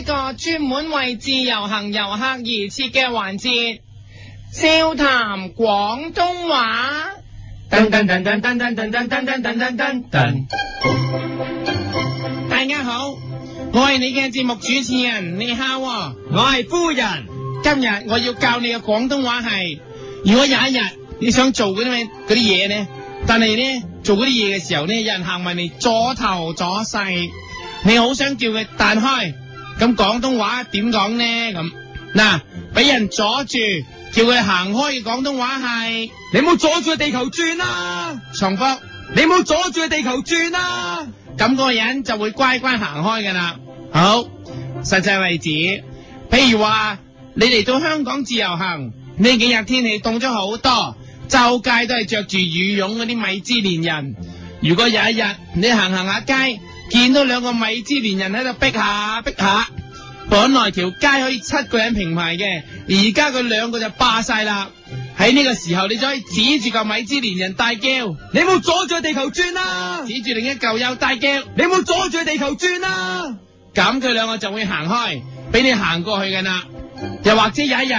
一個專門為自由行遊客而設嘅環節，笑談廣東話。噔噔噔噔噔噔噔噔噔噔噔噔噔。大家好，我係你嘅節目主持人李孝、哦，我係夫人。今日我要教你嘅廣東話係：如果有一日你想做嗰啲咩嗰啲嘢呢，但係呢，做嗰啲嘢嘅時候呢，有人行埋你阻頭阻勢，idades, 你好想叫佢彈開。咁廣、嗯、東話點講呢？咁嗱，俾人阻住，叫佢行開嘅廣東話係，你唔好阻住個地球轉啦、啊！重複，你唔好阻住個地球轉啦、啊！咁嗰個人就會乖乖行開噶啦。好，實際例子，譬如話你嚟到香港自由行，呢幾日天氣凍咗好多，周街都係着住羽絨嗰啲米芝蓮人。如果有一日你行行下街，見到兩個米芝蓮人喺度逼下逼下，本來條街可以七個人平排嘅，而家佢兩個就霸晒啦。喺呢個時候，你就可以指住個米芝蓮人大叫：你冇阻住地球轉啦！指住另一嚿又大叫：你冇阻住地球轉啦！咁佢兩個就會行開，俾你行過去㗎啦。又或者有一日，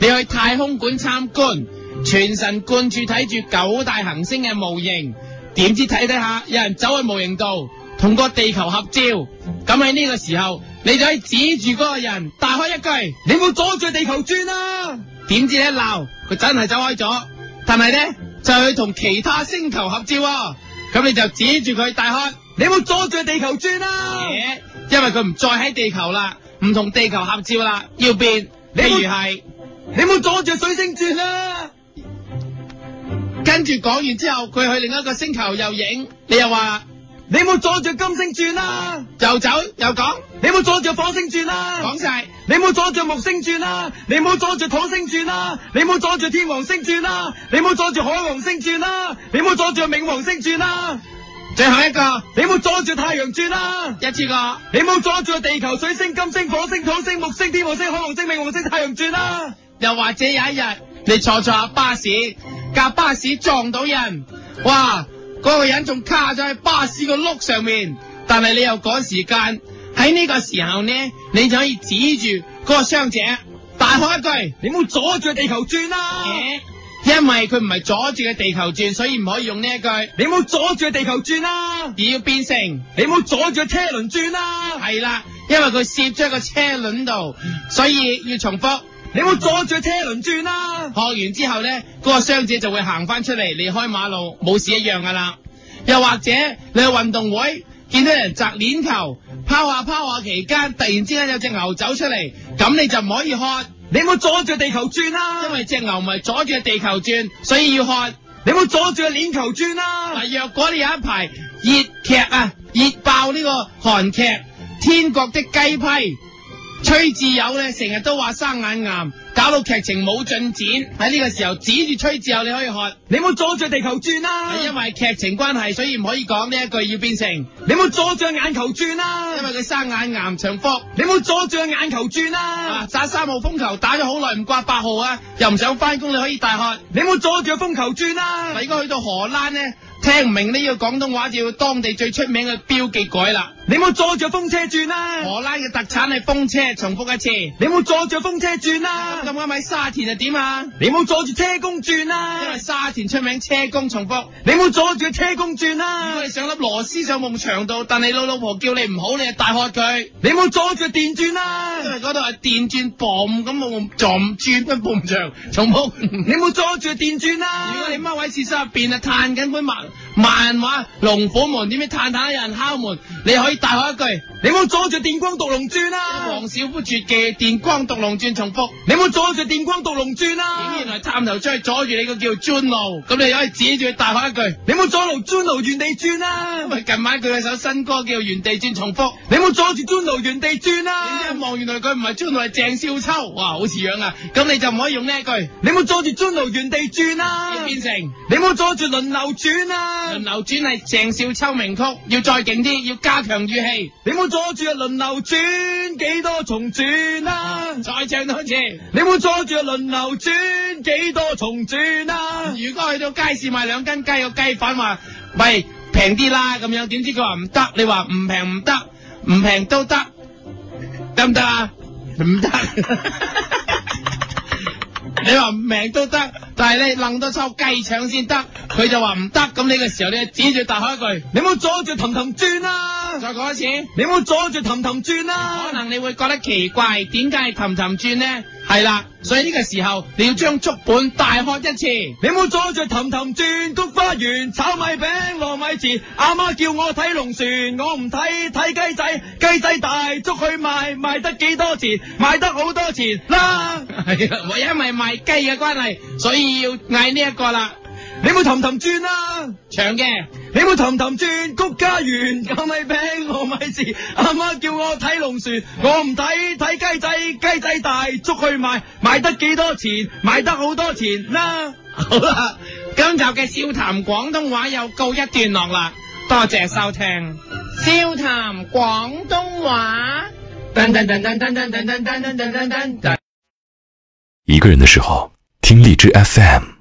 你去太空館參觀，全神貫注睇住九大行星嘅模型，點知睇睇下，有人走去模型度。同個地球合照，咁喺呢個時候，你就可以指住嗰個人大喝一句：你冇阻住地球轉啊！點知一鬧，佢真係走開咗。但係咧，就去同其他星球合照啊！咁你就指住佢大喝：你冇阻住地球轉啊！因為佢唔再喺地球啦，唔同地球合照啦，要變。譬如係，你冇阻住水星轉啦、啊。跟住講完之後，佢去另一個星球又影，你又話。.你冇阻住金星轉啦、啊，又走又講，你冇阻住火星轉啦，講晒，你冇阻住木星轉啦，你冇阻住土星轉啦，你冇阻住天王星轉啦、啊，你冇阻住海王星轉啦、啊，你冇阻住冥王星轉啦、啊，最後一個，你冇阻住太陽轉啦，一次過，你冇阻住地球、水星、金星、火星、土星、木星、天王星、海王星、冥王星、太陽轉啦，又或者有一日，你坐坐巴士，架巴士撞到人，哇！.嗰個人仲卡咗喺巴士個轆上面，但係你又趕時間，喺呢個時候呢，你就可以指住嗰個傷者，大喊一句：你唔好阻住個地球轉啦、啊！因為佢唔係阻住個地球轉，所以唔可以用呢一句。你唔好阻住個地球轉啦、啊，而要變成你唔好阻住、啊、個車輪轉啦。係啦，因為佢攝咗喺個車輪度，所以要重複。你唔好阻住車輪轉啦！學完之後呢，嗰、那個傷者就會行翻出嚟離開馬路，冇事一樣噶啦。又或者你去運動會見到人摘鏈球，拋下拋下期間，突然之間有隻牛走出嚟，咁你就唔可以喝。你唔好阻住地球轉啦、啊，因為隻牛咪阻住地球轉，所以要喝。你唔好阻住個鏈球轉啦、啊。嗱，若果你有一排熱劇啊，熱爆呢個韓劇《天國的雞批》。崔智友咧成日都話生眼癌，搞到劇情冇進展。喺呢個時候指住崔智友，你可以喝，你冇阻住地球轉啦、啊。因為劇情關係，所以唔可以講呢一句，要變成你冇阻住眼球轉啦、啊。因為佢生眼癌，長福，你冇阻住眼球轉啦、啊。打三、啊、號風球打咗好耐唔掛八號啊，又唔想翻工，你可以大喝，你冇阻住個風球轉啦、啊。咪而家去到荷蘭呢。」聽唔明呢、這個廣東話，就要當地最出名嘅標記改啦。你冇阻住風車轉啦、啊！荷蘭嘅特產係風車，重複一次。你冇阻住風車轉啦、啊！咁啱喺沙田啊？點啊？你冇阻住車公轉啦！因為沙田出名車公重複。你冇阻住車公轉啦！如果你上粒螺絲上木牆度，但係老老婆叫你唔好，你，就大你啊大喝佢。你冇阻住電鑽啦！因為嗰度係電鑽，boom 咁木木撞鑽都破唔重複。 你冇阻住電鑽啦、啊！ 轉啊、如果你踎位廁室入邊啊，嘆緊杯麥。漫畫龍虎門點樣探探有人敲門？你可以大我一句，你好阻住電光毒龍轉啦！黃小夫絕技電光毒龍轉，重複，你好阻住電光毒龍轉啦！原來探頭出去阻住你個叫尊奴。咁你又可以指住佢大我一句，你好阻住尊奴原地轉啦、啊！近晚佢有首新歌叫原轉原轉、啊《原地轉》重複，你好阻住尊奴原地轉啦！望，原來佢唔係尊奴，係鄭少秋，哇，好似樣啊！咁你就唔可以用呢一句，你好阻住尊奴原地轉啦、啊！要變成你好阻住輪流轉啦、啊！輪流轉係鄭少秋名曲，要再勁啲，要加強語氣。你冇阻住啊！輪流轉幾多重轉啊！再唱多次。你冇阻住啊！輪流轉幾多重轉啊！如果去到街市買兩斤雞肉雞粉話，喂，平啲啦咁樣，點知佢話唔得？你話唔平唔得，唔平都得，得唔得啊？唔得， 你話唔平都得。但係你掹到抽雞腸先得，佢就話唔得，咁呢個時候你指住大開一句，你唔好阻住騰騰轉啊！再講一次，你唔好阻住氹氹轉啦！可能你會覺得奇怪，點解氹氹轉呢？係啦，所以呢個時候你要將竹本大喝一次，你唔好阻住氹氹轉，菊花園炒米餅，糯米糍，阿媽叫我睇龍船，我唔睇睇雞仔，雞仔大捉去賣，賣得幾多錢？賣得好多錢啦！係啊， 我因為賣雞嘅關係，所以要嗌呢一個啦。你唔好氹氹轉啦，長嘅。你冇氹氹轉，菊花園咁你拼我咪字，阿、啊啊、媽叫我睇龍船，我唔睇睇雞仔，雞仔大捉去賣，賣得幾多錢？賣得好多錢啦！好啦，今集嘅笑談廣東話又告一段落啦，多謝收聽笑談廣東話。噔噔噔噔噔噔噔噔噔噔噔噔。一個人嘅時候，聽荔枝 FM。